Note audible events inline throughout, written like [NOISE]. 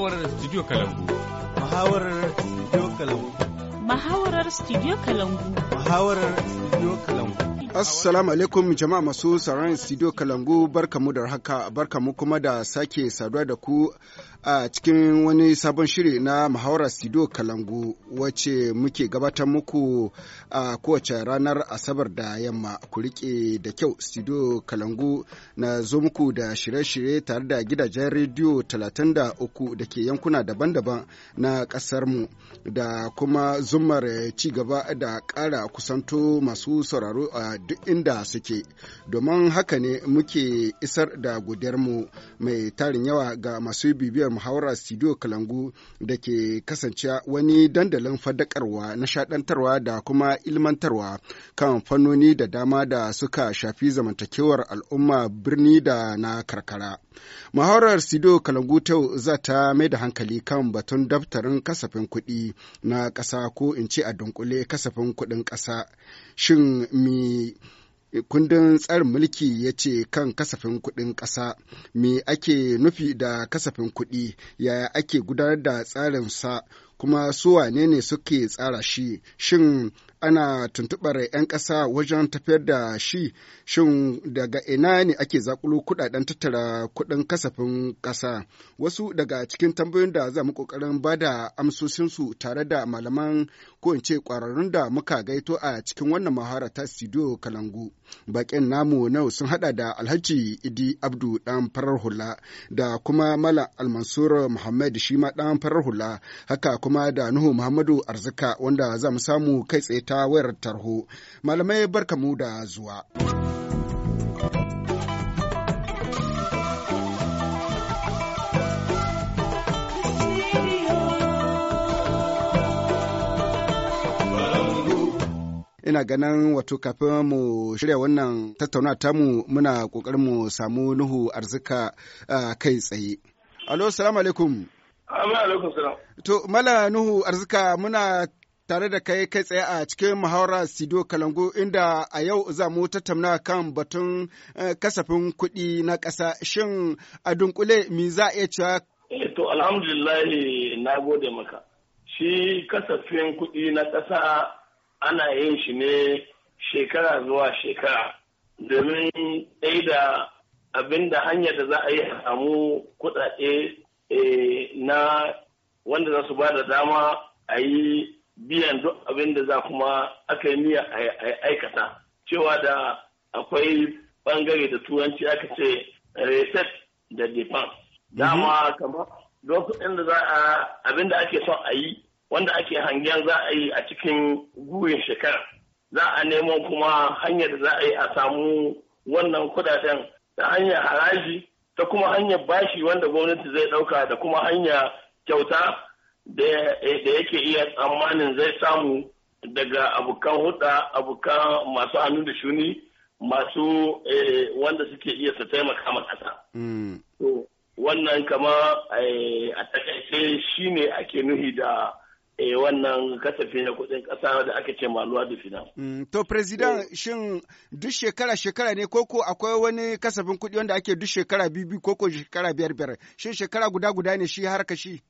Muhawarar Studio kalangu. Muhawarar Studio kalangu. Muhawarar Studio kalangu. Muhawarar Studio kalangu Assalamu alaikum jama'a masu sauran studio Kalangu barkamu da haka barkamu kuma da sake saduwa da ku a cikin wani sabon shiri na muhawara Sido kalangu wace muke gabatar muku a kowace ranar asabar da yamma ku rike da kyau Sido kalangu na zo muku da shirye-shirye tare da gidajen rediyo 33 da ke yankuna daban-daban na ƙasarmu da kuma zumar ci gaba da ƙara kusanto masu sauraro a duk inda suke domin haka ne muke isar da mu mai tarin yawa ga masu bibiyar Muhawarar muhawara studio kalangu da ke kasancewa wani dandalin fadakarwa nishadantarwa da kuma ilmantarwa kan fannoni da dama da suka shafi zamantakewar al'umma birni da na karkara muhawarar studio kalangu ta za ta mai da hankali kan batun daftarin kasafin kuɗi na ƙasa ko in ce a dunkule kasafin kuɗin ƙasa shin mi kundin tsarin mulki ya ce kan kasafin kuɗin ƙasa me ake nufi da kasafin kuɗi yaya ake gudanar da tsarin sa? kuma su wane ne suke tsara shi shin ana tuntuɓar 'yan ƙasa wajen tafiyar da shi shin daga ina ne ake zakulo kuɗaɗen tattara kuɗin kasafin ƙasa wasu daga cikin tambayoyin da za mu ƙoƙarin ba da amsosinsu tare da malaman ko in ce ƙwararrun da muka gaito a cikin wannan mahara ta studio kalangu baƙin namu na sun haɗa da alhaji idi abdu dan farar hula da kuma malam almansur muhammad shi ma ɗan farar hula haka kuma da nuhu muhammadu arzika wanda za mu samu kai tsaye ta wayar tarho. Malamai mu da zuwa. ina ganin wato kafin mu shirya wannan tattauna tamu muna kokarin mu samu nuhu arzika kai tsaye alo salamu alaikum alaikum salam to mala nuhu arzika muna tare da kai kai tsaye a cikin muhawara Sido Kalangu inda a yau za mu tattauna kan batun eh, kasafin kuɗi na ƙasa shin a dunkule mi za a iya cewa eh, to alhamdulillahi na gode maka shi kasafin kuɗi na ƙasa ana yin shi ne shekara zuwa shekara domin da abin da hanyar da za a yi samu kuɗaɗe eh, na wanda za su ba da dama a yi biyan duk abin da za kuma aka yi niyya a aikata cewa da akwai bangare da turanci aka ce reset da defense mhm. dama kamar doku da za a abin da ake son a yi wanda ake hangen za a yi a cikin guyin shekara za a neman kuma hanyar da za a yi a samu wannan kudaden ta hanyar haraji ta kuma hanyar bashi wanda gwamnati zai dauka da kuma hanyar kyauta da yake iya tsammanin zai samu daga abokan huda abokan masu hannu da shuni masu eh, wanda suke iya su taimaka ma kasa. Mm. Wannan kama eh, a takaice shi ne ake nuhi da eh, wannan kasafin na kudin kasa da aka ce maluwa da fina. Mm. To, President, shin duk shekara-shekara ne koko akwai wani kasafin kudi wanda ake duk shekara bibi koko shekara biyar biyar? Shin shekara guda-guda ne shi harka shi?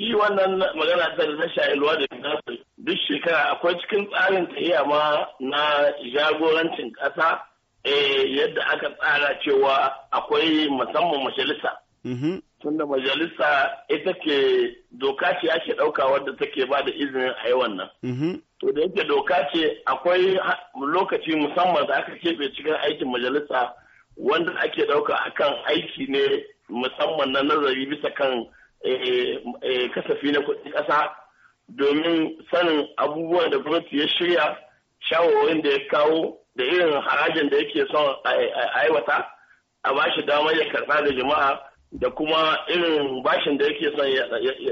shi wannan magana ta da shayi luwa da nasir duk shekara akwai cikin tsarin tahiya ma na jagorancin ƙasa eh, yadda aka tsara cewa akwai musamman majalisa. Mm-hmm. Tunda majalisa ita ke doka ce ake ɗauka wadda take ba da izinin a yi wannan. Mm-hmm. To da yake doka ce akwai lokaci musamman da aka keɓe cikin aikin majalisa wanda ake ɗauka akan aiki ne musamman na nazari bisa kan Eh, eh, kasafi na kuɗin ƙasa domin sanin abubuwan da gwamnati ya shirya shawarwarin da ya kawo da irin harajin da yake son a aiwata a bashi damar ya karɓa da jama'a da kuma irin bashin da yake son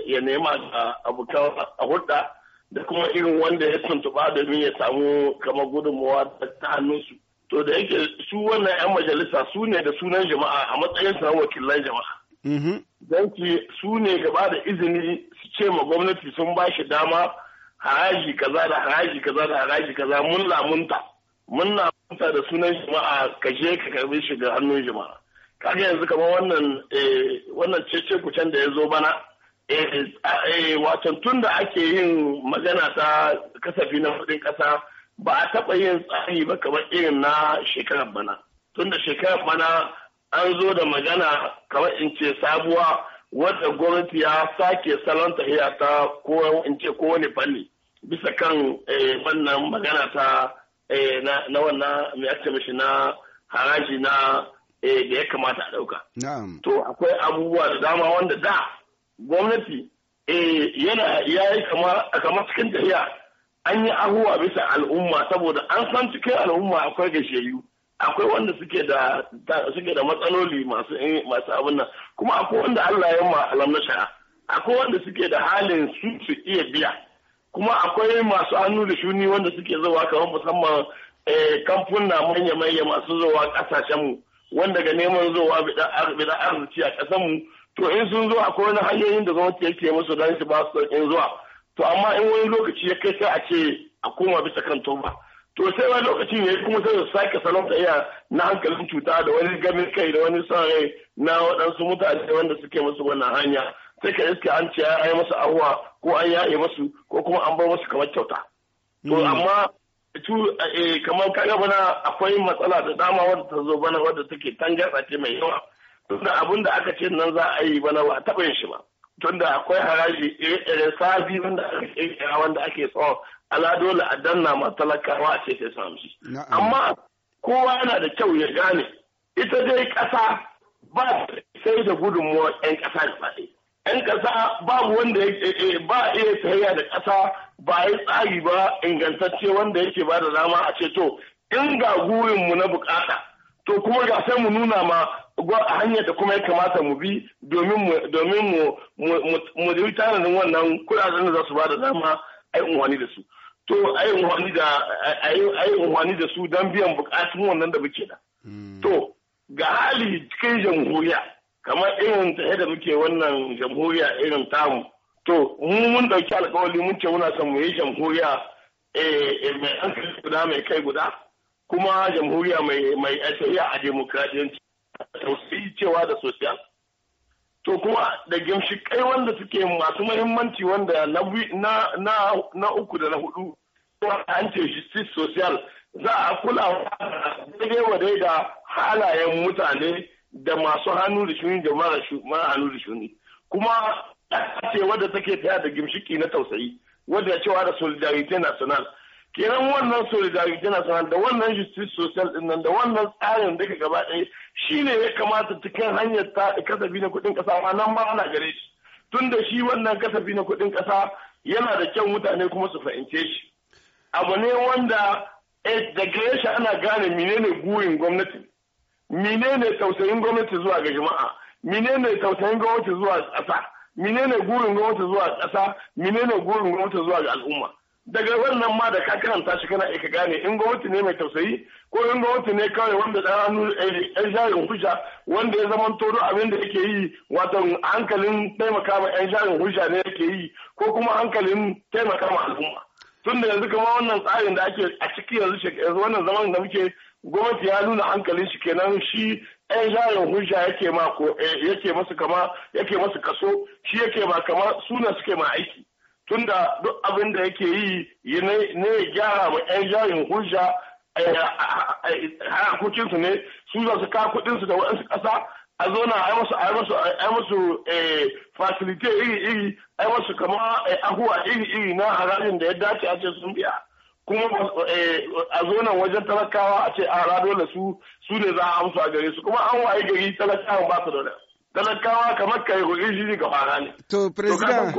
ya nema abokan a hulɗa da kuma irin wanda ya tuntuɓa domin ya samu kamar gudunmawa ta hannunsu to da yake su wannan 'yan majalisa su ne da sunan jama'a a matsayin sa wakilan jama'a Mm-hmm. Don ki su ne gaba da izini su ce ma gwamnati sun ba shi dama haraji kaza da haraji kaza da haraji kaza mun lamunta. Mun lamunta da sunan jama'a ka je ka karbi shi ga hannun jama'a. Kaga yanzu kama wannan eh, wannan cece kucen da ya zo bana. Eh, eh, Wacan tun da ake yin magana ta kasafi na kudin kasa ba a taɓa yin tsari ba kamar irin na shekarar bana. Tun da shekarar bana an zo da magana kamar in ce sabuwa wadda gwamnati ya sake salon tahiya ta ko in ce kowane fanni bisa kan eh, wannan magana ta eh, na wannan mai ake mashi na haraji na eh, da ya kamata a ɗauka. To akwai abubuwa da dama wanda da gwamnati yana ya yi kamar cikin tahiya an yi abubuwa bisa al'umma saboda an san cikin al'umma akwai gashiyayyu akwai wanda suke da suke da matsaloli masu eh, masu abin nan kuma akwai wanda Allah ya ma sha'a akwai wanda suke da halin su su iya biya kuma akwai masu hannu da shuni wanda suke zuwa kamar musamman eh, kamfuna manya-manya masu zuwa kasashen mu wanda ga neman zuwa bida arziki a ƙasar mu to in sun zo akwai wani hanyoyin da gwamnati yake musu dan su ba su in zuwa to amma in wani lokaci ya kai sai a ce a koma bisa kan toba to sai wani lokacin ya kuma sai su sake salon iya na hankalin cuta da wani gamin kai da wani son rai na waɗansu mutane wanda suke musu wannan hanya sai ka iske an ce ya yi masu ahuwa ko an yaye masu ko kuma an bar masu kamar kyauta. To hmm. amma eh, kamar kaga bana akwai matsala da dama wanda ta zo bana wanda take tangarɗa ce mai yawa. Tunda abin da aka ce nan za a yi bana ba a taɓa yin shi ba. Tunda akwai haraji irin eh, eh, sabi wanda wanda ake tsawon ala dole a danna ma talakawa a ce sai su Amma kowa yana da kyau ya gane ita dai ƙasa ba sai da gudunmuwar 'yan ƙasa da ɗaya. 'yan ƙasa babu wanda eh, eh, ba iya tarayya da ƙasa ba ya tsari ba ingantacce wanda yake ba da dama a ce to in ga gurinmu na bukata to kuma ga sai mu nuna ma hanyar da kuma ya kamata mu bi domin mu mu tanadin wannan kuɗaɗen da za su ba da dama yi unwani da su to a yi da da su don biyan bukatun wannan da muke da hmm. to ga hali cikin jamhuriya kamar irin ta da muke wannan jamhuriya irin tamu to mu mun dauki alkawali mun ce muna son mu yi jamhuriya eh, eh, mai hankali guda mai kai guda kuma jamhuriya mai mai a demokradiyanci tausayi cewa da sosiyal to kuma da gimshikai wanda suke masu mahimmanci wanda na uku da na hudu an ce justice social za a kula daidai dai da halayen mutane da masu hannu da shuni da mara hannu da shuni kuma ce wadda take taya da gimshiki na tausayi wadda cewa da solidarity national kenan wannan solidarity na sanar da wannan justice social din nan da wannan tsarin duka gaba ɗaya shine ya kamata cikin hanyar ta kasafi na kuɗin ƙasa amma nan ma ana gare shi tun da shi wannan kasafi na kuɗin ƙasa yana da kyau mutane kuma su fahimce shi abu ne wanda eh, da gare shi ana gane menene burin gwamnati menene tausayin gwamnati zuwa ga jama'a menene tausayin gwamnati zuwa ƙasa menene gurin gwamnati zuwa ƙasa menene gurin gwamnati zuwa ga al'umma daga wannan ma da ka karanta shi kana ka gane in gwamnati ne mai tausayi ko in gwamnati ne kawai wanda ɗan hannu eh, ɗan jarin hujja wanda ya zama todo abin da yake yi wato hankalin taimaka ma ɗan jarin hujja ne yake yi ko kuma hankalin taimaka ma al'umma tunda da yanzu kama wannan tsarin da ake a ciki yanzu yanzu wannan zaman da muke gwamnati ya nuna hankalin shi kenan shi ɗan jarin hujja yake ma ko eh, yake masu kama yake masu kaso shi yake ba kama suna suke ma aiki tunda duk abin da yake yi ne ya gyara ma 'yan jarin hujja harkokinsu ne su za su ka kudinsu da waɗansu ƙasa a zona ai masu ai masu ai masu eh, facilite iri iri ai masu kama eh, ahuwa iri iri na harajin da ya dace a ce sun biya kuma eh, a zonan wajen talakawa a ce a rado su su ne za a amsu a gare su kuma an waye gari talakawa ba su da talakawa kamar kai hujji ga fara ne to president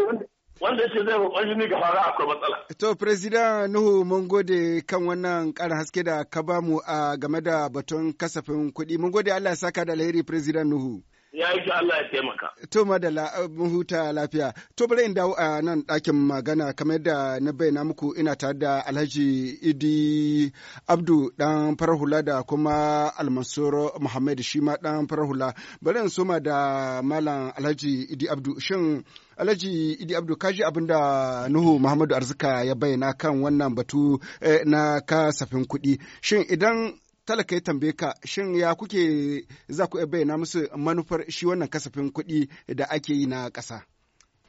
wanda yake zai roƙon shi ga fara akwai matsala. To President Nuhu mun gode kan wannan ƙarin haske da ka bamu a game da batun kasafin kuɗi. Mun gode Allah ya saka da alheri President Nuhu. ya yi Allah ya taimaka. To madalla uh, huta lafiya. To bari in dawo a nan ɗakin magana kamar yadda na bayyana muku ina tare da Alhaji Idi Abdu dan farar hula da kuma Almansur Muhammad shi ma dan farar hula. Bari in soma da Malam Alhaji Idi Abdu shin Alhaji Idi Abdu kaji abin da Nuhu Muhammadu Arzika ya bayyana kan wannan batu eh, na kasafin kuɗi. Shin idan talaka ya tambaye ka shin ya kuke za ku bayyana musu manufar shi wannan kasafin kuɗi da ake yi na ƙasa.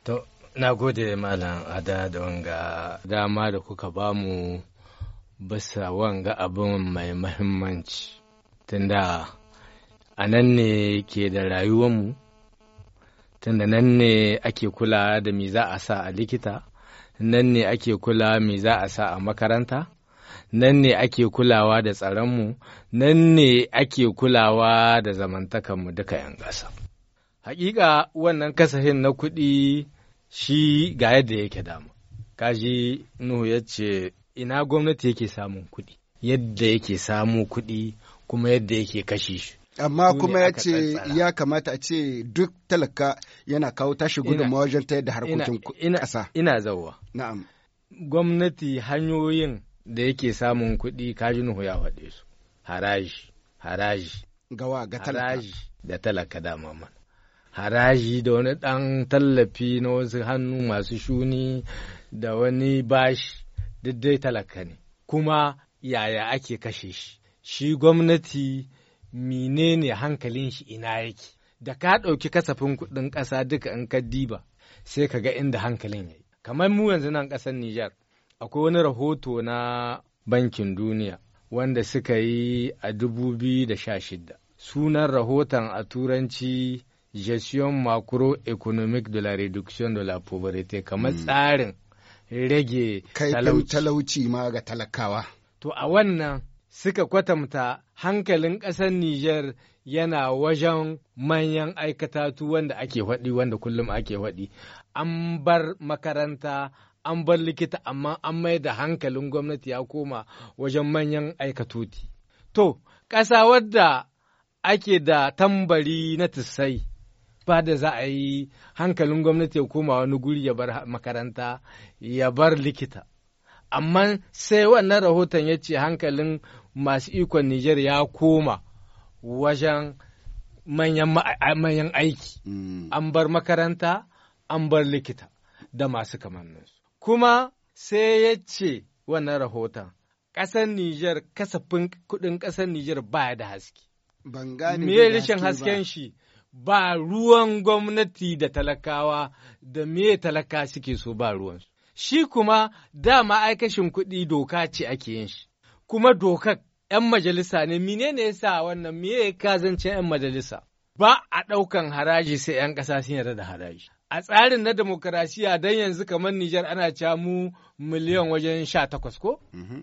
To, na gode malam ada don ga. dama da kuka ba mu bisa wanga abin mai mahimmanci tunda a nan ne ke da rayuwanmu tunda nan ne ake kula da me za a sa a likita nan ne ake kula me za a sa a makaranta nan ne ake kulawa da tsaronmu nan ne ake kulawa da zamantakanmu duka 'yan ƙasa hakika wannan kasafin na kuɗi shi ga yadda yake dama kaji nuhu ya ce ina gwamnati yake samun kuɗi yadda yake samu kuɗi kuma yadda yake kashe shi amma kuma ya ce ya kamata a ce duk talaka yana kawo tashi gudunmawa wajen ta yadda harkokin ƙasa ina zauwa na'am gwamnati hanyoyin da yake samun kuɗi kaji nuhu ya faɗe su haraji haraji gawa ga haraji da talaka dama mana haraji da wani ɗan tallafi na wasu hannu masu shuni da wani bashi dai talaka ne kuma yaya ake kashe shi shi gwamnati menene hankalin shi ina yake da ka ɗauki kasafin kuɗin ƙasa duka in ka diba sai ka ga inda hankalin yayi kamar mu yanzu nan ƙasar Nijar akwai wani rahoto na bankin duniya wanda suka yi a 2016 sunan rahoton a turanci gestion macroeconomic de la reduction de la pauvreté kamar hmm. tsarin rage talauci ma ga talakawa to a wannan suka kwatamta hankalin ƙasar Nijar yana wajen manyan aikatatu wanda ake faɗi wanda kullum ake faɗi an bar makaranta an bar likita amma an mai da hankalin gwamnati ya koma wajen manyan aikatoti. To, ƙasa wadda ake da tambari na tussai ba da za a yi hankalin gwamnati ya koma wani guri ya bar makaranta ya bar likita. Amma sai wannan rahoton ya ce hankalin masu ikon Nijar ya koma wajen manyan aiki, mm. an bar makaranta, an bar likita da masu kamanninsu. kuma sai ya ce wannan rahoton ƙasar Nijar kasafin kuɗin ƙasar Nijar baya da haske. Me rashin hasken shi ba ruwan gwamnati da talakawa da me talaka suke so ba ruwansu. Shi kuma dama aikashin kuɗi doka ce ake yin shi, kuma dokar ‘yan majalisa ne, mine ne ya sa wannan me ya kazancin ‘yan majalisa? Ba a ɗaukan haraji sai ‘yan ƙasa sun yarda da haraji. a tsarin na demokarasiya don yanzu kamar Nijar ana ca mu miliyan wajen sha takwas ko? Mm-hmm.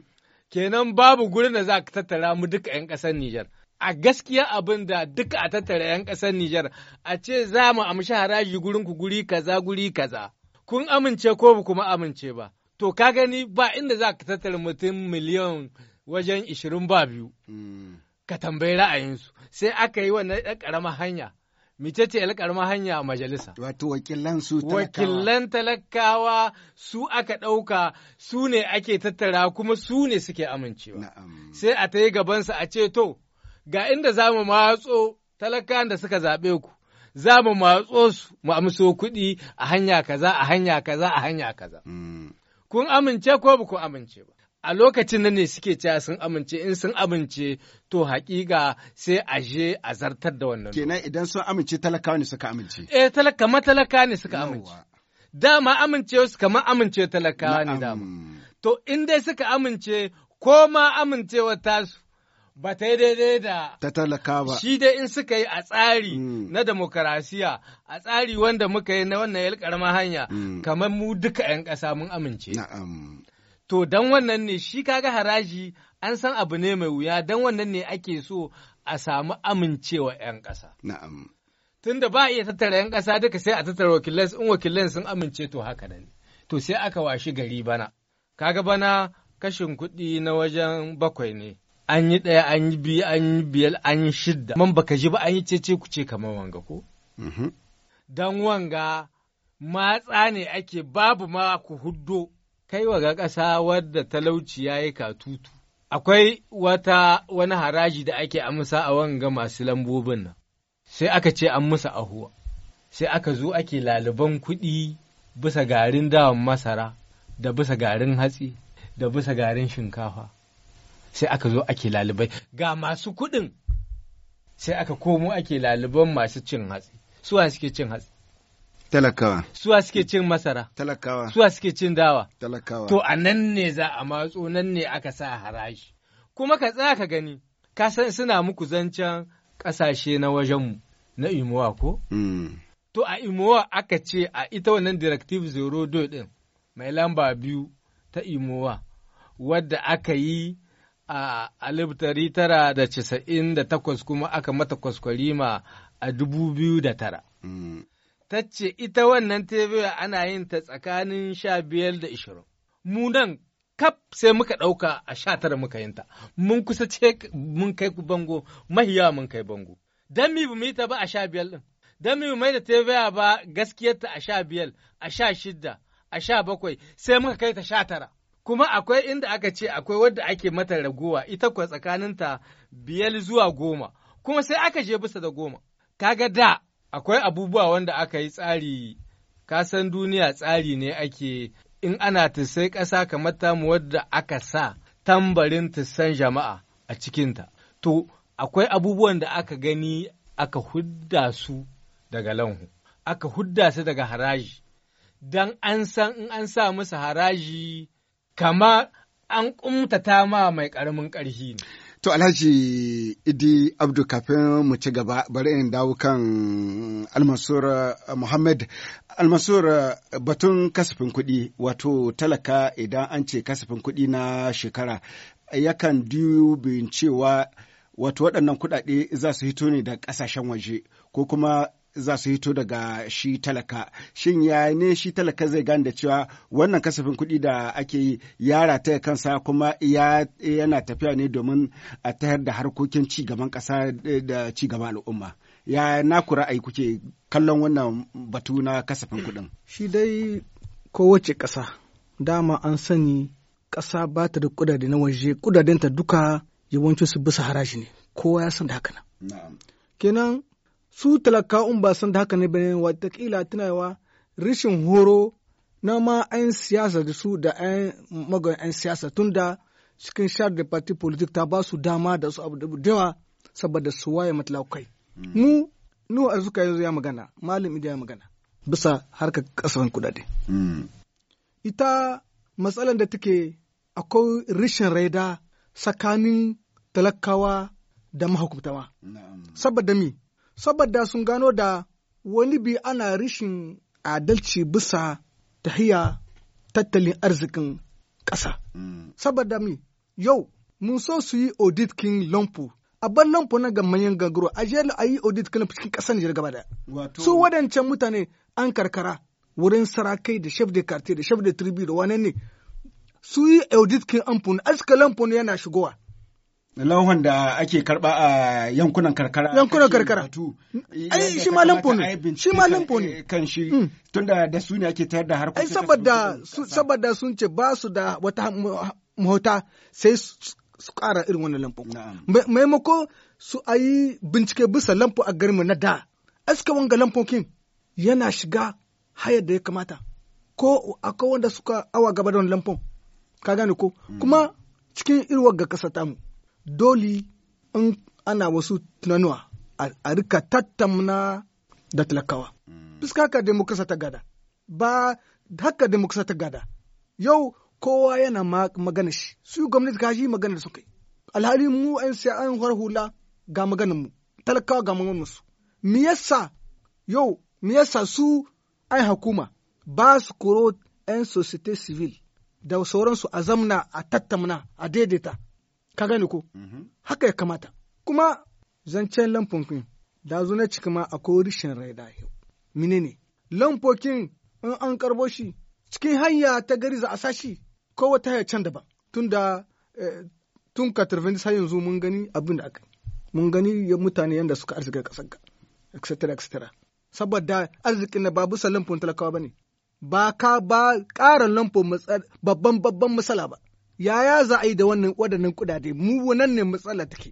Kenan babu gurin da za ka tattara mu duka 'yan ƙasar Nijar. A gaskiya abin da duka a tattara 'yan ƙasar Nijar a ce za mu amshi haraji gurin ku guri kaza guri kaza. Kun amince ko ba kuma amince ba. To ka gani ba inda za ka tattara mutum miliyan wajen ishirin ba biyu. Mm. Ka tambayi ra'ayinsu sai aka yi wannan ɗan ƙaramar hanya. mice ce yar karamar hanya a majalisa. Wato wakilan su talakawa. Wakilan talakawa su aka ɗauka su ne ake tattara kuma su ne suke amincewa. Sai a ta yi gabansa a ce to ga inda za mu matso talakan da suka zaɓe ku. Za mu matso su mu amso kuɗi a hanya kaza a hanya kaza a hanya kaza. Mm. Kun amince ko ba ku amince ba. a lokacin nan ne suke cewa sun amince in sun amince to hakika sai a je a zartar da wannan kenan idan sun amince talakawa ne suka amince eh talaka kamar talaka ne suka amince dama amince su kamar amince talakawa ne dama to in dai suka amince ko ma amincewa tasu ba ta yi daidai da ta talaka ba. Shi dai in suka yi a tsari mm. na demokarasiya, a tsari wanda muka yi na wannan yal karama hanya, mm. kamar mu duka 'yan ƙasa mun amince. To, don wannan ne shi kaga haraji an san abu ne mai wuya don wannan ne ake so a samu amincewa 'yan ƙasa. Na'am. Tunda ba a iya tattara 'yan ƙasa duka sai a tattara wakilai in wakilan sun amince to haka nan. To sai aka washi gari bana. Kaga bana kashin kuɗi na wajen bakwai ne. An yi ɗaya, an yi biyu, an yi biyar, an yi shidda. Man baka ji ba an yi cece ku ce kamar wanga ko? Mhm. Don wanga matsa ne ake babu ma ku huddo. Kai wa ga ƙasa wadda talauci ya yi katutu. akwai wata wani haraji da ake amsa a wanga masu lambobin nan, sai aka ce an musu ahuwa, sai aka zo ake laliban kuɗi bisa garin dawan masara, da bisa garin hatsi, da bisa garin shinkafa, sai aka zo ake lalibai. Ga masu kuɗin sai aka komo ake laliban masu cin hatsi, suwa suke cin hatsi. Talakawa. Suwa suke cin masara. Talakawa. Suwa suke cin dawa. Talakawa. To a nan ne za a matso nan ne aka sa haraji. Kuma ka tsaya ka gani, ka san suna muku zancen ƙasashe na wajenmu na Imowa ko? Hmm. To a Imowa aka ce a ita wannan Directive Zero ɗin mai lamba biyu ta Imowa wadda aka yi a alif tara da casa'in da takwas kuma aka mata kwaskwarima a dubu biyu da tara. Hmm. ta ce ita wannan tebewa ana yin ta tsakanin sha biyar da ishirin. Mu nan kaf sai muka ɗauka a sha tara muka yinta, mun kusa ce mun kai ku bango, mahiya mun kai bango. Don mi mu yi ta ba a sha biyar ɗin, don mi mai da tebewa ba gaskiyarta a sha biyar, a sha shidda, a sha bakwai, sai muka kai ta sha tara. Kuma akwai inda aka ce akwai wadda ake mata raguwa, ita kuwa tsakaninta biyar zuwa goma, kuma sai aka je bisa da goma. Kaga da akwai abubuwa wanda aka yi tsari, kasan duniya tsari ne ake in ana tisai ƙasa kamar tamu wadda aka sa tambarin tisan jama'a a cikinta. To, akwai abubuwan da aka gani aka hudda su daga lanhu, aka hudda su daga haraji, don an san in an sa musu haraji kama an ƙumtata ma mai ƙaramin ƙarfi ne. To Alhaji Idi Abdu kafin mu ci gaba bari in dawo kan Almasur eh, Muhammad. Almasur eh, batun kasafin kuɗi wato talaka idan an ce kasafin kuɗi na shekara yakan dubin cewa wato waɗannan kuɗaɗe za su hito ne da ƙasashen waje ko kuma za su hito daga shi talaka shin ya ne shi talaka zai gane da cewa wannan kasafin kuɗi da ake yi ya ya kansa kuma yana tafiya ne domin a tayar da harkokin ci gaban ƙasa eh, da ci gaban al'umma ya a yi kuke kallon wannan batu na kasafin kuɗin shi dai kowace ƙasa dama an sani ƙasa ba ta da kudade na waje kudadenta duka yawancinsu bisa haraji ne kowa ya san da haka na. kenan su talakawan ba san da haka ne bane watakila tunawa rishin horo na ma ayan siyasa da su da ayan magan 'yan siyasa tun da cikin shar da party politik ta ba su dama da su abu da yawa saboda su waye matalaukai. Mm. Mu nu arzuka yanzu ya magana malam idan ya magana bisa harkar kasafin kudade. Mm. Ita matsalar da take akwai rishin raida tsakanin talakawa da mahukumtawa. Saboda mi saboda sun gano da wani bi ana rishin adalci bisa tahiya tattalin arzikin ƙasa. Mm. Saboda mi, yau, mun so su yi audit kin lampu, abban lampu na manyan gangaro, a jiyar a yi audit kin cikin ƙasar Nijar gaba da. Su wadancan mutane an karkara wurin sarakai da chef de quartier da chef de tribu da wane ne, su yi audit kin amfani, aska lampu yana shigowa. lauhan da ake karba a yankunan karkara yankunan karkara ai shi ma lampo ne shi ma lampo ne eh, kan shi mm. tunda da su ne ake tayar da harkokin ai saboda saboda sun ce ba su da wata mota sai su kara irin wannan lampo maimako su ayi bincike bisa lampo a garinmu na da aska wanga lampokin yana shiga hayar da ya kamata ko akwai wanda suka awa gaba da wani lampon ka gane ko mm. kuma cikin irwar ga kasa tamu doli in ana wasu tunanuwa a rika tattamna da talakawa. Mm. Fuska haka demokrasa ta gada, ba haka demokrasa ta gada. Yau kowa yana magana shi, su gwamnati ka shi magana da suka yi. Alhali mu an sai an har hula ga maganin mu, talakawa ga maganin su. Me yasa yau, me yasa su an hakuma ba su koro 'yan societe civil da sauransu a zamna a tattamna a daidaita. ka gani ko mhm. haka ya kamata kuma zancen lamfokin da zo na ciki ma akwai rishin raida yau mine ne lamfokin in an karbo shi cikin hanya ta gari za a sashi ko wata hanya can daban eh, tun da tun ka sa yanzu mun gani abin da aka mun gani mutane yadda suka arzika kasar ka etc saboda arzikin na ba bisa lamfon talakawa ba ne ba ka ba ƙara lamfon babban babban matsala ba yaya za a yi da wannan waɗannan kudade mu nan ne matsala take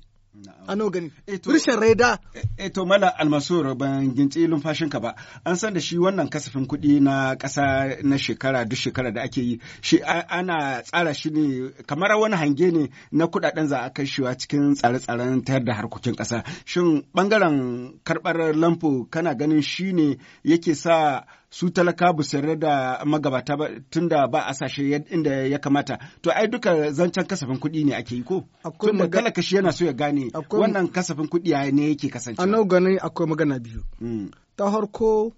ano gani eh, rishin raida Eto eh, eh, to mala almasur ban lumfashin ka ba an san da shi wannan kasafin kuɗi na ƙasa na shekara duk shekara da ake yi shi ana tsara shi ne kamar wani hange ne na kuɗaɗen za a kai shiwa cikin tsare-tsaren tayar da harkokin ƙasa shin ɓangaren karɓar lampo kana ganin shi ne yake sa su talaka bu sayar da magabata ba tunda ba a sashe inda ya kamata to ai duka zancen kasafin kuɗi ne ake yi ko tun da kala shi yana so ya gane wannan kasafin kuɗi ne yake kasance a nau ganin akwai magana biyu hmm. ta harko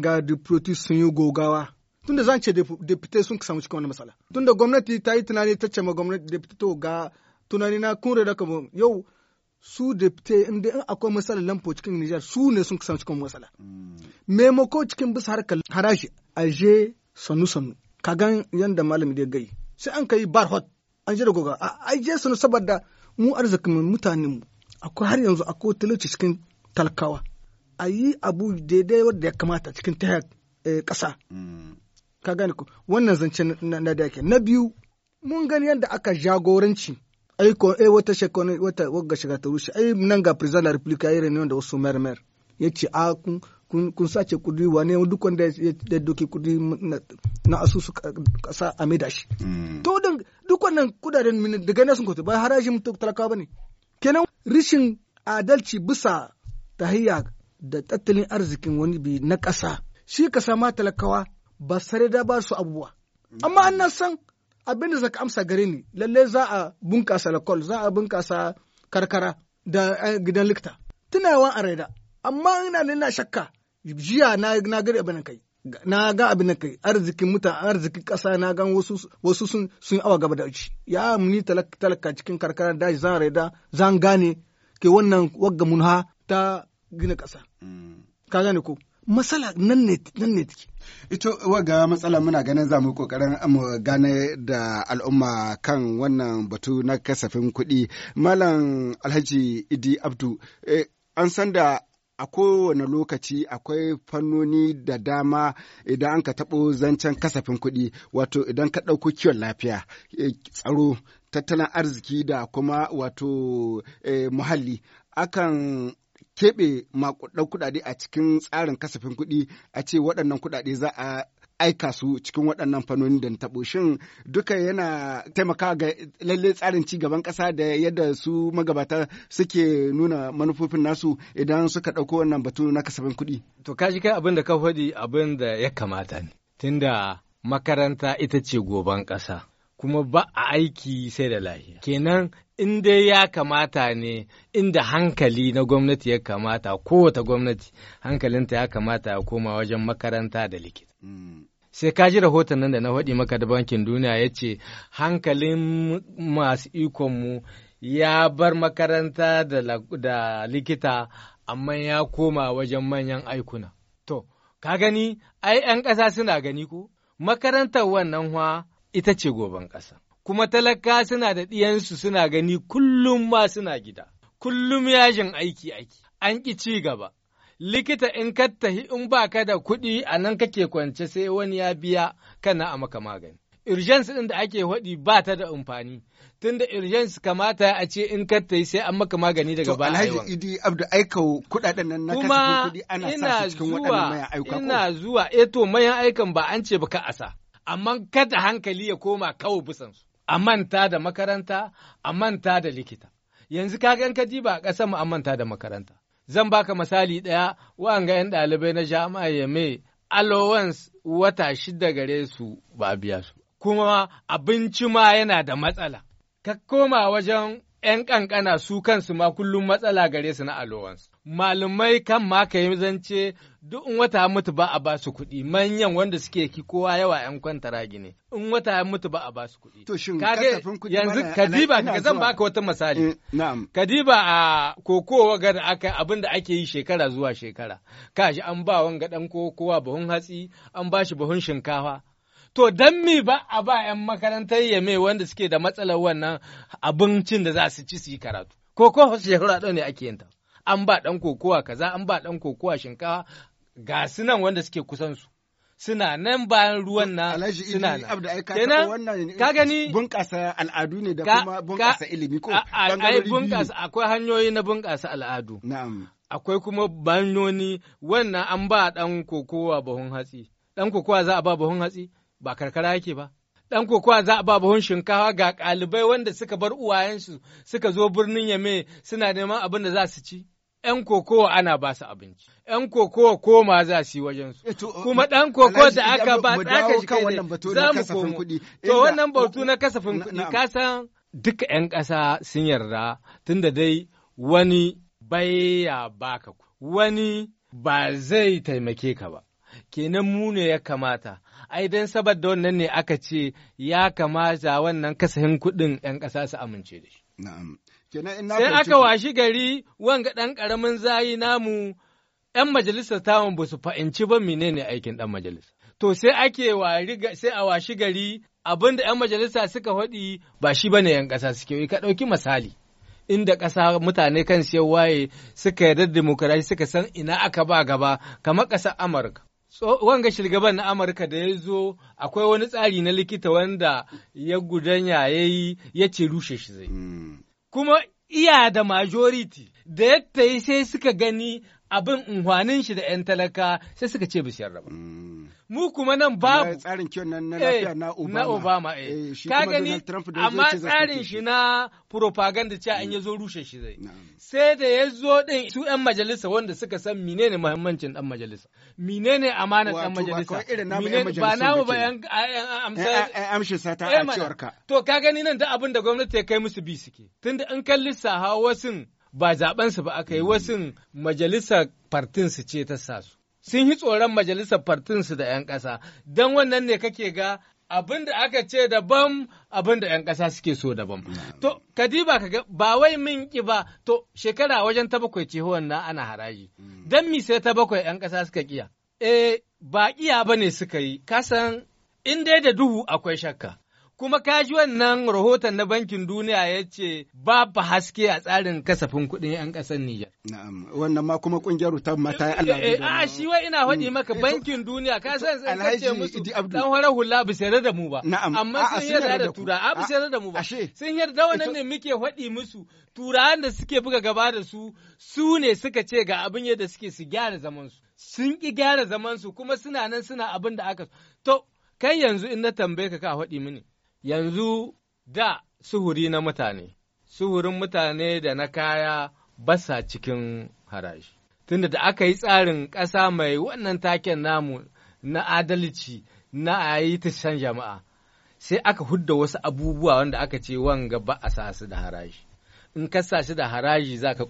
ga deputy sun yi gogawa tunda zan ce deputy sun samu cikin wani matsala tunda gwamnati ta yi tunani ta ce ma gwamnati deputy to ga tunani na kun da kamar yau su depute inda in akwai matsala lampo cikin Nijar su ne sun kusan cikin matsala. Mm. Maimako cikin bisa harkar harashi a je sanu sanu ka gan yadda malam da gai sai an kai bar hot an je da goga a je sanu saboda mu arzikin mutanen mu akwai har yanzu akwai tilici cikin talkawa a yi abu daidai wadda ya kamata cikin ta kasa eh, mm. Ka gane ku wannan zance na da yake na biyu mun gani yadda aka jagoranci ai ko ai wata shekara wata wagga shiga ta rushe ai nan ga president la republic yayi reunion da wasu mermer mayor yace a ah, kun kun, kun sace kudi wane duk wanda ya doki kudi na, asusu kasa a maida shi mm. to dan duk wannan kudaden min daga ne sun kotu ba mutu talakawa bane kenan rishin adalci bisa tahiyya da tattalin arzikin wani bi na kasa shi kasa ma talakawa ba sare da ba su abubuwa amma an san abin da zaka amsa gare ni lalle za a bunkasa lakol za a bunkasa karkara da eh, gidan likta tunawa a raida amma ina na shakka jiya na na gari abin kai na ga abin da kai arzikin muta arzikin ƙasa na gan wasu wasu sun sun awa gaba da shi ya muni talaka cikin karkara daji zan raida zan gane ke wannan wagga munha ta gina ƙasa mm. ka gane ko matsala nan ne take ito waga matsala muna ganin za mu kokarin eh, mu gane da al'umma kan wannan batu na kasafin kuɗi malam alhaji idi abdu eh, an san da a kowane lokaci akwai fannoni da dama idan an ka taɓo zancen kasafin kuɗi wato idan ka ɗauko kiwon lafiya eh, tsaro tattalin arziki da kuma wato eh, muhalli akan keɓe makudan kuɗaɗe a cikin tsarin kasafin kuɗi a ce waɗannan kuɗaɗe za a aika su cikin waɗannan fannoni da taɓo shin duka yana taimaka ga lalle tsarin ci gaban ƙasa da yadda su magabata suke nuna manufofin nasu idan suka ɗauko wannan batu na kasafin kuɗi. To ka ji kai abin da ka faɗi abin da ya kamata ne tunda makaranta ita ce goban ƙasa kuma ba a aiki sai da lahiya kenan in dai ya kamata ne inda hankali na gwamnati ya kamata kowata gwamnati hankalinta ya kamata ya koma wajen makaranta da likita hmm. sai ka ji rahoton nan da na faɗi maka da bankin duniya ya ce hankalin masu ikonmu ya bar makaranta da likita amma ya koma wajen manyan aikuna to ka gani ai 'yan ƙasa suna gani ko makarantar wannan hwa ita ce goben ƙasa. Kuma talaka suna da ɗiyansu suna gani kullum ma suna gida, kullum yajin aiki aiki, an ƙi ci gaba. Likita in ka in ba ka da kuɗi a nan kake kwance sai wani ya biya kana a maka magani. Urgence ɗin da ake waɗi ba ta da amfani, tunda urgence kamata a ce in ka sai an maka magani daga ba Alhaji Idi Abdu aika kuɗaɗen nan na kasafin kuɗi ana sa cikin waɗannan mayan aika Ina zuwa, eto eh mayan aikan ba an ce ba ka asa. amma kada hankali ya koma kawo bisansu, a manta da makaranta, a manta da likita. Yanzu gan kaji ba a ƙasa mu a manta da makaranta. Zan baka misali ɗaya wa'anga 'yan ɗalibai na jama'a ya mai alowans wata shida gare su ba biya su. Kuma abinci ma yana da matsala. Ka koma wajen ‘yan ƙanƙana su kansu ma kullum matsala gare su na alowans. malumai kan ma ka yi zance duk in wata mutu ba a basu kuɗi manyan wanda suke ki kowa yawa yan kwantara gine in wata mutu ba a basu kuɗi. To shin yanzu kadiba ka zan baka wata misali. Eh, na'am. Kadiba a kokowa waga da aka abin da ake yi shekara zuwa shekara. Kashi an ba wanga dan kowa buhun hatsi an ba shi buhun shinkafa. To dan mi ba a ba 'yan makarantar yame wanda suke da matsalar wannan abincin da za su ci su yi karatu. Koko shekara ɗau ne ake yin ta. an ba ɗan kokowa kaza an ba ɗan kokowa shinkawa ga su nan wanda suke kusan su suna nan bayan ruwan na suna nan ka gani bunƙasa al'adu ne da kuma bunƙasa ilimi ko ai bunƙasa akwai hanyoyi na bunƙasa al'adu na'am akwai kuma banyoni wannan an ba ɗan kokowa bahun hatsi ɗan kokowa za a ba bahun hatsi ba karkara yake ba ɗan kokowa za a ba bahun shinkafa ga ƙalibai wanda suka bar uwayensu suka zo birnin Yame suna neman abin da za su ci. 'yan kokowa ana ba su abinci. 'yan kokowa koma za su yi wajen Kuma ɗan kokowa da aka ba aka shi kai za mu komo. To wannan bautu na kasafin kuɗi ka san duka 'yan ƙasa sun yarda tun da dai wani baya baka wani ba zai taimake ka ba. kenan mu ne ya kamata ai don saboda wannan ne aka ce ya kamata wannan kasafin kuɗin 'yan ƙasa su amince da shi. Sai aka washi gari wanga ɗan ƙaramin zayi namu ‘yan majalisar tamun ba su fahimci ba menene aikin ɗan majalisa. To sai ake sai a washi gari abin da ‘yan majalisa suka faɗi ba shi ba ne ‘yan ƙasa suke yi, ka ɗauki misali. Inda ƙasa mutane kan siyan waye suka yarda demokarasi suka san ina aka ba gaba kamar ƙasar Amurka. wanga shugaban na Amurka da ya zo akwai wani tsari na likita wanda ya gudanya ya yi ya ce rushe shi zai. kuma iya da majority da yadda sai suka gani abin unhwanin shi da 'yan talaka sai suka ce bishiyar raba. Mm. Mu kuma nan babu. Tsarin kyau na lafiya eh, na Obama. Na Obama eh. eh ka gani amma tsarin shi na propaganda cewa an ya zo mm. rushe shi zai. Sai da ya zo ɗin su 'yan majalisa wanda suka san menene muhimmancin ɗan majalisa. Menene amana ɗan majalisa. Ba namu ba 'yan amshin sata a cewar ka. To ka gani nan da abin da gwamnati ya kai musu bi suke. Tunda in kan hawa wasun ba zaɓensu ba aka yi wasu majalisar partinsu ce ta sa Sun yi tsoron majalisar partinsu da 'yan ƙasa, don wannan ne kake ga abin da aka ce daban abin da 'yan ƙasa suke so daban. To, kadiba ka ga, ba wai min ƙi ba, to, shekara wajen ta bakwai ce wannan ana haraji. Don mi sai ta bakwai 'yan ƙasa suka ƙiya. Eh, ba ƙiya ba ne suka yi, kasan in dai da duhu akwai shakka. Kuma ka ji wannan rahoton na Bankin Duniya ya ce babu haske a tsarin kasafin kuɗin 'yan ƙasar Nijar. Na'am, wannan ma kuma ƙungiyar rutan ma ta Allah. Eh, A'a eh, eh, shi wai ina faɗi mm. maka eh, Bankin Duniya ka san sai ka ce musu dan horar hula bi da mu ba. Na'am, amma sun yarda da tura, a bi da mu ba. Sun yarda wannan ne muke faɗi musu turawan da suke buga gaba da su su ne suka ce ga abin yadda suke su gyara zamansu. Sun ƙi gyara zamansu kuma suna nan suna abin da aka. To, kai yanzu in na tambaye ka ka faɗi mini. yanzu da suhuri na mutane, suhurin mutane da na kaya basa cikin haraji. Tunda da aka yi tsarin ƙasa mai wannan taken namu na adalci na a yi tushen jama'a, sai aka hudda wasu abubuwa wanda aka ce wanga ba a sa su da haraji. in ka sa shi da haraji za ka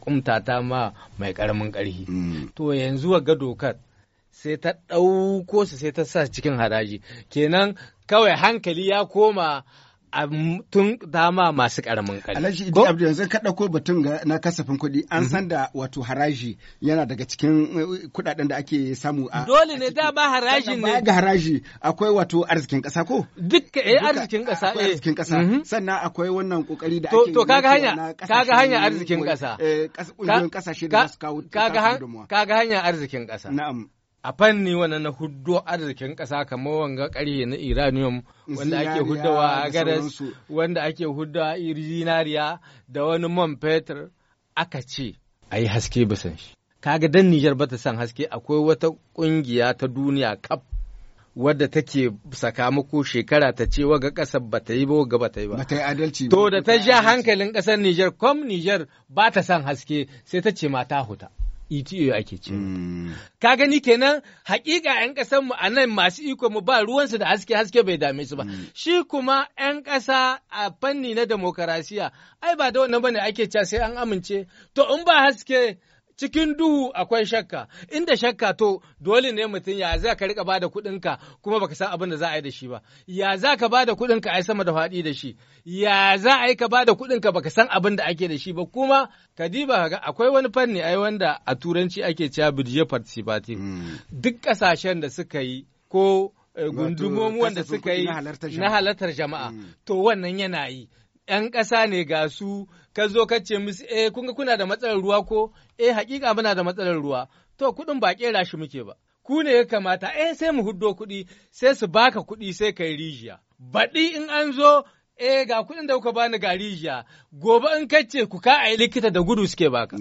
ta ma mai ƙaramin ƙarfi, mm. To yanzu ga dokar sai ta ɗauko su sai ta sa cikin haraji. Kenan kawai hankali ya koma a tun dama masu karamin kali. Alhaji Idi Abdu yanzu ka ɗauko batun na kasafin kuɗi an mhm. san da wato haraji yana daga cikin eh, kuɗaɗen da ake samu a. Dole ne dama haraji ne. ga haraji akwai wato arzikin ƙasa ko? Duk eh, eh arzikin ƙasa eh. Arzikin ƙasa sannan akwai wannan ƙoƙari da ake. To kaga hanya kaga hanya arzikin ƙasa. Eh, ƙasashe da su kawo. Kaga hanya arzikin ƙasa. Na'am. a fanni wannan na huddo arzikin ƙasa kamar wanga ƙarhe na iranium wanda ake huddawa a gadas wanda ake huddawa zinariya da wani man fetur aka ce a yi haske bisan shi kaga dan Nijar bata san haske akwai wata ƙungiya ta duniya kaf wadda take sakamako shekara ta ce waga ƙasar ba ta yi ba waga ba ta yi ba. Ba adalci ba. To da ta ja hankalin ƙasar Nijar, kom Nijar ba ta son haske sai ta ce mata huta. ETA ake ce. Hmm. Ka gani kenan hakika 'yan ƙasar mu a nan masu iko mu ba ruwansu da haske haske bai dame su ba. Hmm. Shi kuma 'yan ƙasa a fanni na demokarasiya ai ba da wannan bane ake cewa sai an amince. To in ba haske cikin duhu akwai shakka inda shakka to dole ne mutum ya za ka rika ba da kuɗinka kuma baka san abin da za a yi da shi ba ya za ka ba da kuɗinka a sama da faɗi da shi ya za a yi ka ba da kuɗinka baka san abin da ake da shi ba kuma kadiba ga akwai wani fanni ai wanda a turanci ake cewa budget participative mm. duk ƙasashen da suka yi ko eh, gundumomi wanda suka yi na halartar jama'a mm. to wannan yana yi ‘yan ƙasa ne ga su, ka zo ka ce musu, e, kun kuna da matsalar ruwa ko, E, haƙiƙa muna da matsalar ruwa, to kuɗin ba ƙera shi muke ba. Ku ne ya kamata, eh, sai mu huddo kuɗi, sai su baka kuɗi sai kai rijiya. Baɗi in an zo, e ga kuɗin da kuka bani ga rijiya, gobe in kace ku ka a likita da gudu suke baka.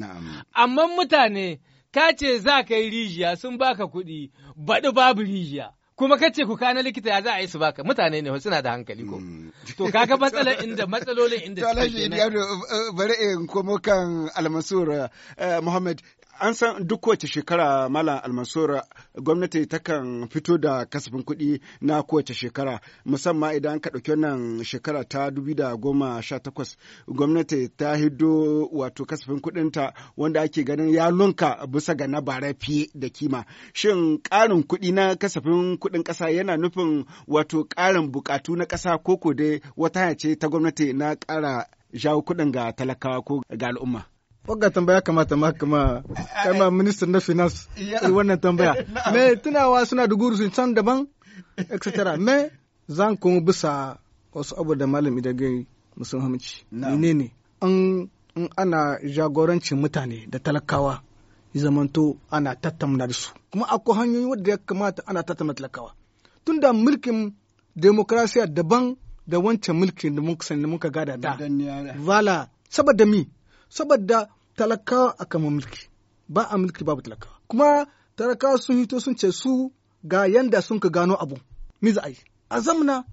Amma mutane, ka ce za ka yi rijiya sun baka kuɗi, baɗi babu rijiya. kuma ka ce ku kana likita ya za a yi su baka mutane ne suna da hankali ko hmm. to kaga matsalar inda matsalolin inda suke kenan eh, bari in komo kan almasur eh, muhammad an san duk kowace shekara malam almansura gwamnati takan fito da kasafin kuɗi na kowace shekara musamman idan ka ɗauki wannan shekara ta da goma sha takwas gwamnati ta hido wato kasafin kuɗinta wanda ake ganin ya lunka bisa ga na bara fiye da kima shin ƙarin kuɗi na kasafin kuɗin ƙasa yana nufin wato ƙarin buƙatu na ƙasa ko dai wata ce ta gwamnati na ƙara jawo kuɗin ga talakawa ko ga al'umma Wagga tambaya kamata ma kama kama ministan na finance wannan tambaya. [LAUGHS] Me tunawa suna da gurusun can daban etc. [LAUGHS] Me zan kuma bisa wasu abu da malami da gai hamci Mene ne? An ana jagorancin mutane da talakawa zamanto ana tattamna da su. Kuma akwai hanyoyi wadda ya kamata ana tattamna talakawa. Tunda mulkin demokrasiya daban da wancan mulkin da muka sani muka gada da. Vala saboda mi saboda talakawa a kama mulki ba a mulki babu talakawa kuma talakawa sun hito sun ce su ga yanda sun ka gano abu miza za a yi a zamna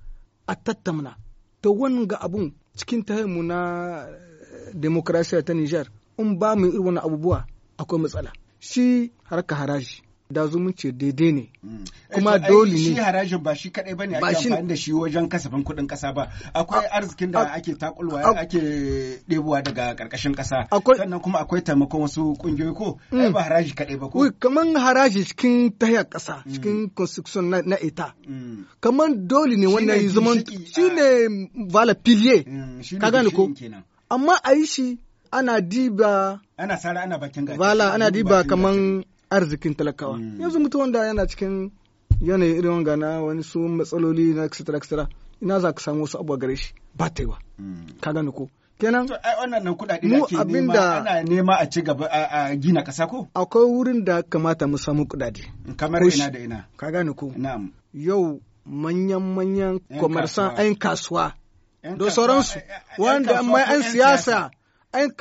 a tattamna wani ga abun cikin mu na eh, demokrasiya ta Nijar in ba mu irin wani abubuwa akwai matsala shi harka haraji da zumunci daidai ne mm. kuma eh, dole ne shi harajin ba shi kadai bane ake amfani da shi wajen kasafin kuɗin ƙasa ba akwai arzikin da ake takulwa ake ɗebowa daga ƙarƙashin ƙasa sannan kuma akwai taimakon wasu ƙungiyoyi ko mm. ba haraji kadai ba ko kaman haraji cikin tahiyar ƙasa mm. cikin construction na ita kaman dole ne wannan yi shi ne vala pilier ka gane ko amma a yi shi ana diba ana sara ana bakin gaci bala ana diba kaman arzikin talakawa hmm. yanzu mutum wanda yana cikin yanayi irin wanga na wani su matsaloli na etc etc ina za ka samu wasu abuwa gare shi ba ta yi wa hmm. ka gane ko kenan to ai wannan nan kuɗaɗe da ke nema ana nema a ci gaba a gina ƙasa ko akwai wurin da kamata mu samu kuɗaɗe kamar ina da ina ka gane ko na'am yau manyan manyan kwamarsan ayin kasuwa da sauransu wanda mai an siyasa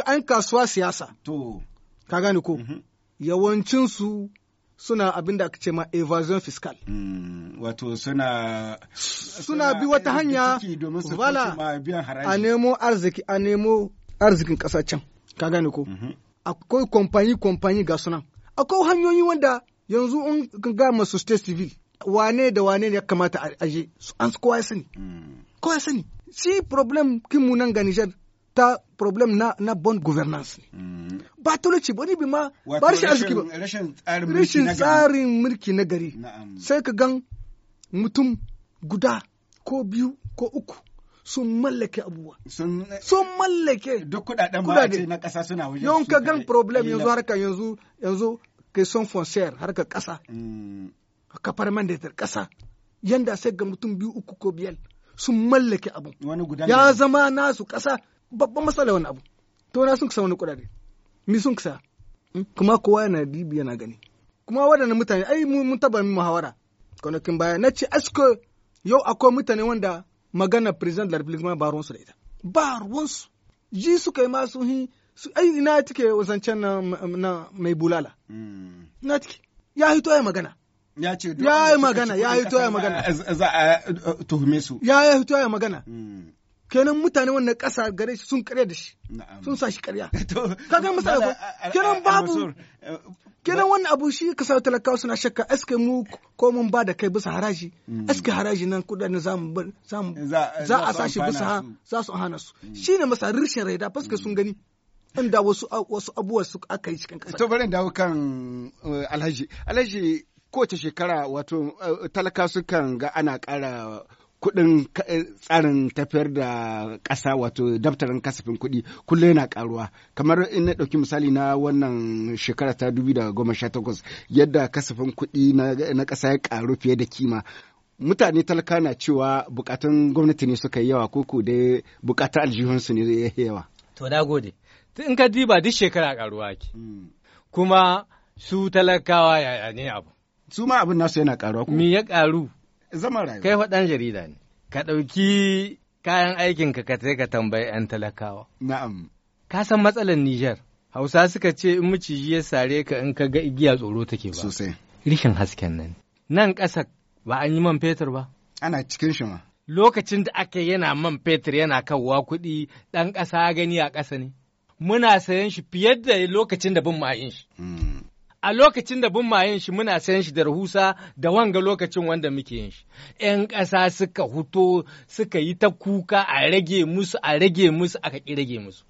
an kasuwa siyasa to ka gane ko mhm. yawancinsu suna abin da aka ce ma evasion fiscal. Hmm, wato suna suna bi wata hanya wala a nemo arziki a nemo arzikin ƙasa can ka gane ko mhm. akwai kwamfani kwamfani ga suna. akwai hanyoyi wanda yanzu in ga masu state civil wane da wane ne ya kamata a aje an kowa ya sani hmm. kowa ya sani shi problem kinmu nan ga Nijar ta problem na na bon governance ne mm-hmm. ba talauci ba bi ma ba rashin arziki ba rashin tsarin mulki na gari sai ka gan mutum guda ko biyu ko uku sun mallake abubuwa sun mallake duk kudaden ba ce na kasa suna wuce. yawan ka gan problem yanzu harka yanzu yanzu kai son foncer harka kasa mm. kafar man da kasa yanda sai ga mutum biyu uku ko biyar sun mallake abu ya zama nasu kasa babban matsala wani abu to na sun kusa wani kudade mi sun kusa kuma kowa yana dibi yana gani kuma waɗannan mutane ai mun taba min muhawara kwanakin baya na ce asko yau akwai mutane wanda magana president republic ma ba ruwansu da ita ba ruwansu ji suka yi su hi su ai ina tike wasancen na na mai bulala na tike ya hito ya magana ya ce ya yi magana ya hito ya magana za a tuhume su ya hito ya magana kenan mutane wannan ƙasa gare shi sun karya da shi sun sa shi karya [LAUGHS] ga misali ko kenan babu eh, kenan wannan abu shi ka sa talakawa suna shakka eske mu ko mun ba da kai bisa haraji mm. eske haraji nan kudaden zamu zamu za a sa shi bisa za su hana su mm. shine masa rishin raida paske mm. sun gani inda wasu wasu abubuwa su aka yi cikin kasa. to bari dawo kan eh, alhaji alhaji kowace shekara wato eh, talaka sukan ga ana ƙara kuɗin eh, tsarin tafiyar da ƙasa wato daftarin kasafin kuɗi kulle yana ƙaruwa kamar in na ɗauki misali na wannan shekara ta takwas yadda kasafin kuɗi na ƙasa ya ƙaru fiye da kima mutane talaka na cewa bukatun gwamnati ne suka yi yawa ku dai bukatun aljihunsu ne ya yawa. To na gode, in ka diba duk shekara ƙaruwa ke, hmm. kuma su talakawa yaya ne abu. Su ma abin nasu yana ƙaruwa. Me ya ƙaru? zama rayuwa kai faɗan jarida ne ka ɗauki kayan aikinka ka sai ka tambayi 'yan talakawa na'am ka san matsalar Nijar Hausa suka ce in maciji ya sare ka in ka ga igiya tsoro take ba sosai rishin hasken nan nan ƙasa ba an yi man fetur ba ana cikin shi ma lokacin da aka yana man fetur yana wa kuɗi ɗan ƙasa gani a ƙasa ne muna sayan shi fiye da lokacin da bin yin shi hmm. a lokacin da bin yin shi muna san shi da rahusa da wanga lokacin wanda muke yin shi. ‘Yan ƙasa suka huto suka yi ta kuka a rage musu a rage musu aka ƙi rage musu.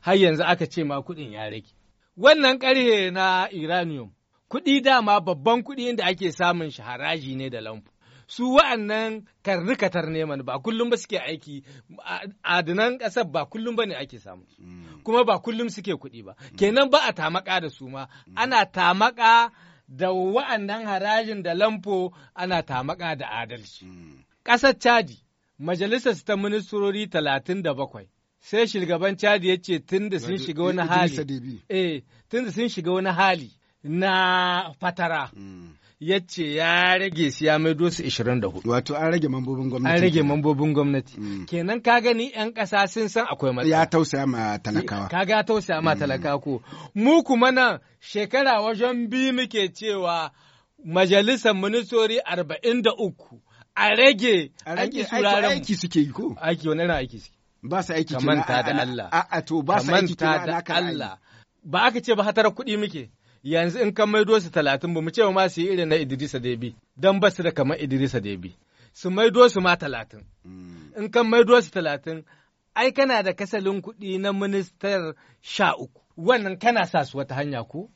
Har yanzu aka ce ma kuɗin ya rage. Wannan ƙarhe na uranium kuɗi dama babban kuɗi da ake samun shi haraji ne da lamfu. su wa'annan karnikatar neman ba kullum ba suke aiki adinan ƙasar ba kullum ba ne ake samu mm. kuma ba kullum suke kuɗi ba mm. kenan ba a tamaka da su ma mm. ana tamaka da wa'annan harajin da lamfo ana tamaka da adalci ƙasar chadi majalisar ta ministrori talatin da bakwai sai shugaban chadi ya ce tun eh, sun shiga wani hali na fatara ya ce ya rage su ya maido su 24. Wato an rage mambobin gwamnati. An rage mambobin gwamnati. Mm. Kenan ka gani 'yan ƙasa sun san akwai matsala. Ya tausaya ma talakawa. Ka ga tausaya ma mm. talakawa ko. Mu kuma nan shekara wajen biyu muke cewa majalisar ministori arba'in da uku a rage aiki suraren aiki suke yi ko aiki wani ran aiki suke ba su aiki kamanta da Allah a to ba su aiki kamanta da Allah ba aka ce ba hatar kuɗi muke yanzu in kan maido su talatin ba mu ce ma su yi irin na Idrisa Debi don ba su da kamar Idrisa Debi su maido su ma talatin mm. in kan maido su talatin ai kana da kasalin kuɗi na ministar sha uku wannan kana sa su wata hanya ko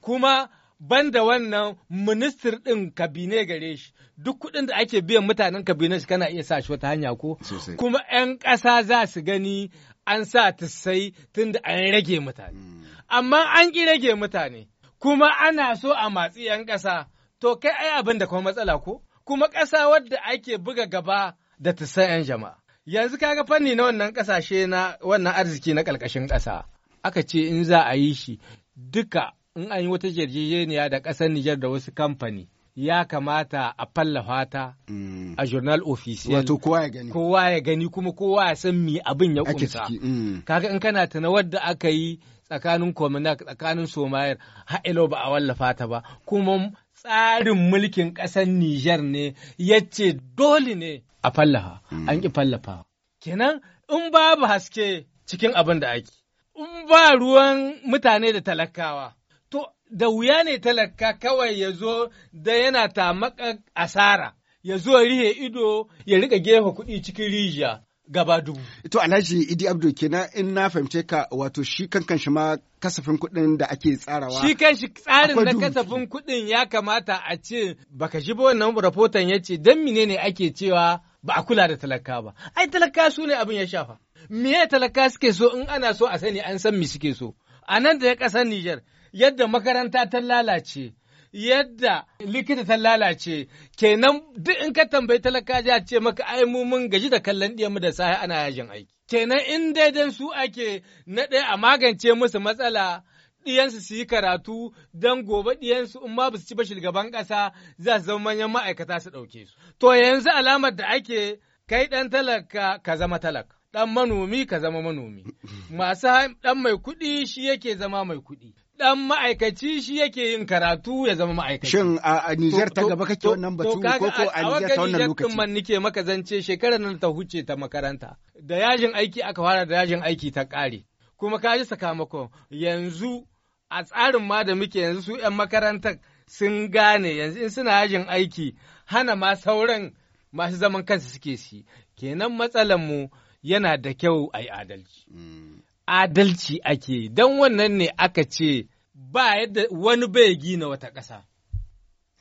kuma banda wannan ministar ɗin kabine gare shi duk kuɗin da ake biyan mutanen kabine shi kana iya sa shi wata hanya ko kuma 'yan ƙasa za su gani an sa sai tun da an rage mutane mm. amma an ƙi rage mutane kuma ana so a matsi ‘yan ƙasa, to kai ai abin da kuma matsala ko? Kuma ƙasa wadda ake buga gaba da ta ‘yan jama'a. Yanzu kaga fanni na wannan ƙasashe na wannan arziki na ƙalƙashin ƙasa, aka ce in za a yi shi duka in an yi wata yarjejeniya da ƙasar Nijar da wasu kamfani. ya kamata a fallafa ta mm. a journal official wato kowa ya gani kowa ya gani kuma kowa ya san me abin ya kumsa ciki. Mm. kaga in kana tana wadda aka yi tsakanin Kominak tsakanin Somayar ha'ilo ba a wallafa ta ba kuma tsarin mulkin ƙasar Nijar ne Ya ce dole ne a fallaha hmm. an ƙi fallafa kenan in babu haske cikin abin da ake in ba ruwan mutane da talakawa to da wuya ne talaka kawai ya zo da yana tamaka asara ya zo rihe ido ya riƙa gefe kuɗi cikin rijiya gaba dubu. To Alhaji Idi Abdul kenan in na fahimce ka wato shi kankan shi ma kasafin kuɗin da ake tsarawa. Shi kan shi tsarin na kasafin kuɗin ya kamata a ce baka shi ba wannan rahoton ya ce don mine ne ake cewa ba a kula da talaka ba. Ai talaka su ne abin ya shafa. me talaka suke so in ana so a sani an san me suke so. A nan da ya ƙasar Nijar yadda makaranta ta lalace. yadda likita ta lalace kenan duk in ka tambayi talaka a ce maka ai mu mun gaji da kallon mu da sahi ana yajin aiki kenan in daidan su ake na ɗaya a magance musu matsala ɗiyansu su yi karatu don gobe ɗiyansu in ma ba su ci ba shugaban ƙasa za su zama manyan ma'aikata su ɗauke su. To yanzu alamar da ake kai ɗan talaka ka zama talaka. Ɗan manomi ka zama manomi, masu ɗan mai kuɗi shi yake zama mai kuɗi, Ɗan ma'aikaci shi yake yin karatu ya zama ma'aikaci. Shin a Nijar ta gaba kake wannan batu ko ko a Nijar ta wannan lokaci? To man nike maka zance shekarar nan ta huce ta makaranta. Da yajin aiki aka fara da yajin aiki ta ƙare. Kuma ka ji sakamakon yanzu a tsarin ma da muke yanzu su 'yan makarantar sun gane yanzu in suna yajin aiki hana ma sauran masu zaman kansu suke si. Kenan matsalar mu yana da kyau a yi adalci. Mm. adalci ake, don wannan ne aka ce ba yadda wani bai gina wata ƙasa.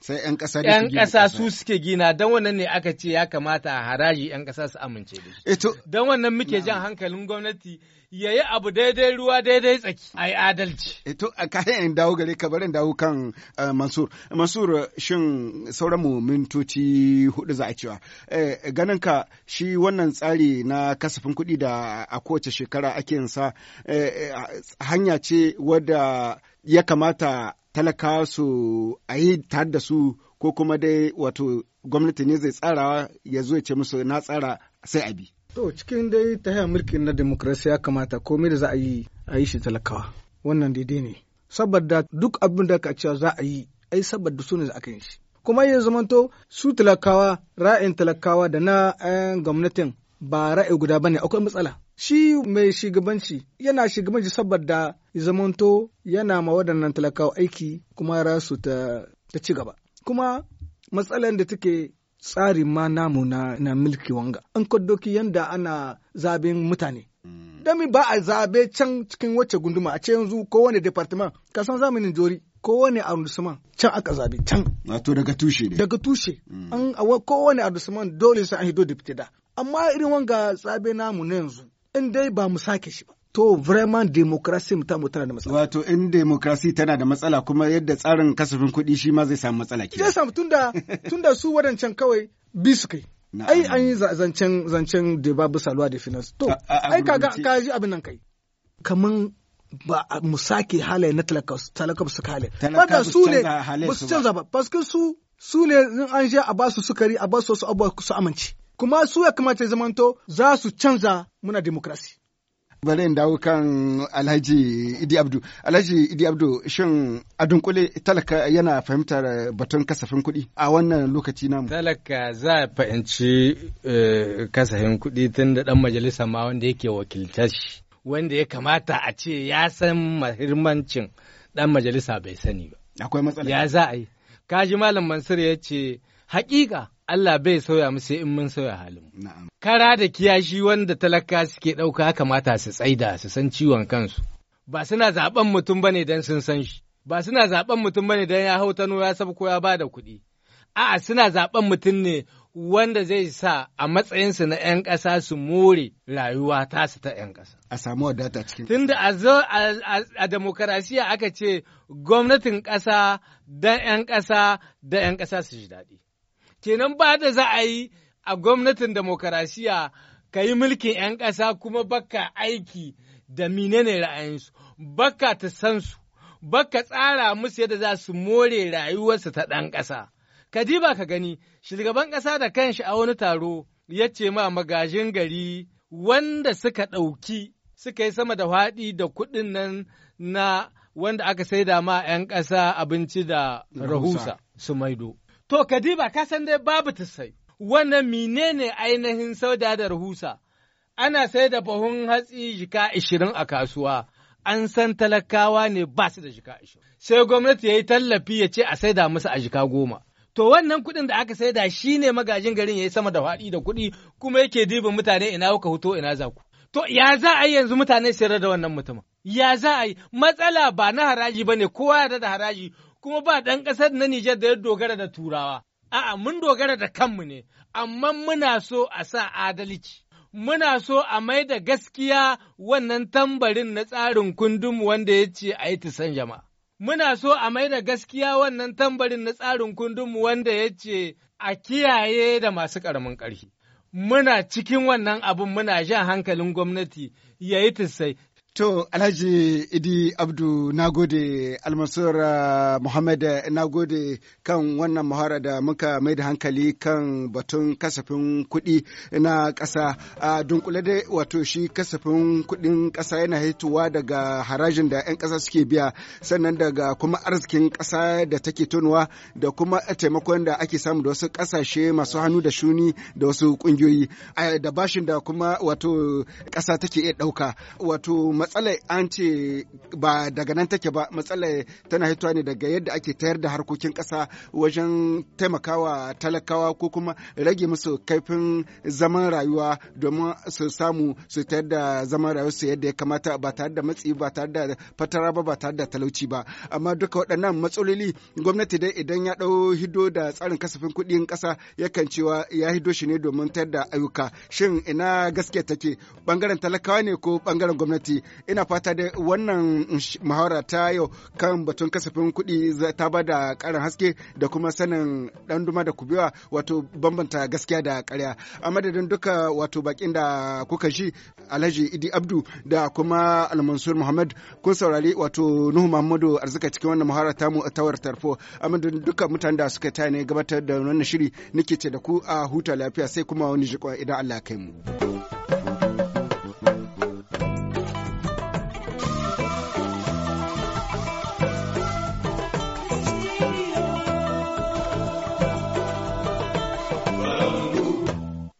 sai 'yan ƙasa da ƴan ƙasa su suke gina don wannan ne aka ce ya kamata a haraji 'yan ƙasa su amince da shi eh, don wannan muke jan hankalin gwamnati ya yi abu daidai ruwa daidai tsaki a yi adalci eto eh, a kayan in dawo gare ka barin dawo kan eh, mansur mansur shin sauran mu mintoci hudu za a cewa ganin ka shi wannan tsari na kasafin kuɗi da a kowace shekara ake yin sa hanya ce wadda ya kamata talakawa su a yi tare da su ko kuma dai wato gwamnati ne zai tsarawa ya zo ce musu na tsara sai a bi. To cikin dai ta haya mulkin na demokrasi ya kamata komai da za a yi a yi shi talakawa wannan daidai ne. Saboda duk abin da ka cewa za a yi ai saboda su ne za a kan shi. Kuma ya zamanto su talakawa ra'ayin talakawa da na 'yan eh, gwamnatin ba ra'ayi guda ba ne akwai matsala. shi mai shugabanci yana shugabanci saboda zamanto yana ma waɗannan talakawa aiki kuma rasu ta, ta ci gaba kuma matsalar da take tsarin ma namu na, na milki wanga an kwadoki yanda ana zaben mutane mm. dami ba a zabe can cikin wacce gunduma a ce yanzu kowane departement kasan zamanin jori kowane arrondissement can aka zabe can wato daga tushe ne daga tushe mm. an kowane arrondissement dole sai an hido da amma irin wanga zabe namu na yanzu in dai ba mu sake shi ba to vraiment ta mu tamu tana da matsala. Wato in democracy tana da matsala kuma yadda tsarin kasafin kuɗi shi ma zai samu matsala ke. Zai samu tunda tunda su wadancan kawai bi su kai. Ai an yi zancen zancen da babu saluwa da finance. To ai kaga ka ji abin nan kai. Kaman ba mu sake halaye na talakawa su halaye. Talakawa su canza halaye su ba. Ba su canza ba. Paske su su ne in an je a ba su sukari a ba su wasu abubuwa su amince. kuma su ya kamata ya zamanto za su canza muna demokrasi. bari in dawo kan alhaji idi abdu alhaji idi abdu shin a dunkule talaka yana fahimtar batun kasafin kuɗi a wannan lokaci namu talaka za a fahimci eh, kasafin kuɗi tun da ɗan majalisa ma wanda yake wakilta shi wanda ya kamata a ce ya san mahimmancin ɗan majalisa bai sani ba akwai matsala ya za a yi kaji malam mansur ya ce hakika Allah bai sauya mu sai in mun sauya halin. Kara da kiyashi wanda talaka suke ɗauka kamata su tsaida su san ciwon kansu. Ba suna zaɓen mutum bane don sun san shi. Ba suna zaɓen mutum bane don ya hau tano ya ko ya bada kuɗi. A'a suna zaɓen mutum ne wanda zai sa a matsayinsu na 'yan ƙasa su more rayuwa tasu ta 'yan ƙasa. A samu wadata cikin. Tunda a zo a demokarasiya aka ce gwamnatin ƙasa don 'yan ƙasa da 'yan ƙasa su ji daɗi. kenan ba da za a yi a gwamnatin demokarasiya ka yi mulkin 'yan ƙasa kuma baka aiki da menene ra'ayinsu baka ta san su baka tsara musu yadda za su more rayuwarsu ta ɗan ƙasa Ka ji ba ka gani shugaban ƙasa da kanshi a wani taro ya ce ma magajin gari wanda suka ɗauki suka yi sama da haɗi da kuɗin nan na wanda aka saida ma 'yan ƙasa abinci da rahusa su maido. To kadiba ka san dai babu sai. wannan menene ainihin sauda da rahusa, ana sai da buhun hatsi jika ishirin a kasuwa, an san talakawa ne ba su da jika ishirin. Sai gwamnati ya yi tallafi ya ce a saida musu a jika goma. To wannan kuɗin da aka saida shi ne magajin garin ya yi sama da faɗi da kuɗi kuma yake dibin mutane ina kuka huto ina za ku. To ya za a yi yanzu mutane sayar da wannan mutumin? Ya za a yi matsala ba na haraji ba ne kowa ya da haraji kuma ba ɗan ƙasar na Nijar da ya dogara da Turawa. A'a, mun dogara da kanmu ne, amma muna so a sa adalci. Muna so a mai da gaskiya wannan tambarin na tsarin kundum wanda ya ce a yi tusan jama'a. Muna so a mai da gaskiya wannan tambarin na tsarin kundum wanda ya ce a kiyaye da masu ƙaramin ƙarfi. muna cikin wannan abin muna jan hankalin gwamnati ya yi tusai, To Alhaji Idi Abdu nagode gode Almasur uh, Muhammad na gode kan wannan muhara da muka mai da hankali kan batun kasafin kuɗi na ƙasa. A dunkule dai wato shi kasafin kuɗin ƙasa yana hituwa daga harajin da 'yan ƙasa suke biya sannan daga kuma arzikin ƙasa da take tonuwa da kuma taimakon da ake samu da wasu kasashe masu hannu da shuni da wasu ƙungiyoyi da bashin da kuma wato ƙasa take iya ɗauka wato matsalar an ce ba daga nan take ba matsalar tana hitowa ne daga yadda ake tayar da harkokin kasa wajen taimakawa talakawa ko kuma rage musu kaifin zaman rayuwa domin su samu su tayar da zaman rayuwa su yadda ya kamata ba tare da matsi ba tare da fatara ba ba tare da talauci ba amma duka waɗannan matsaloli gwamnati dai idan ya ɗau hido da tsarin kasafin kuɗin ƙasa yakan cewa ya hido shi ne domin tayar da ayyuka shin ina gaskiya take bangaren talakawa ne ko bangaren gwamnati ina fata da wannan muhawara ta yau kan batun kasafin kuɗi ta ba da ƙarin haske da kuma sanin ɗan duma da kubewa wato bambanta gaskiya da ƙarya a madadin duka wato bakin da kuka ji alhaji idi abdu da kuma almansur muhammad kun saurari wato nuhu muhammadu arzika cikin wannan muhawara mu ta tawar tarfo a madadin duka mutanen da suka ta ne gabatar da wannan shiri nake ce da ku a huta lafiya sai kuma wani jikwa idan allah kai mu.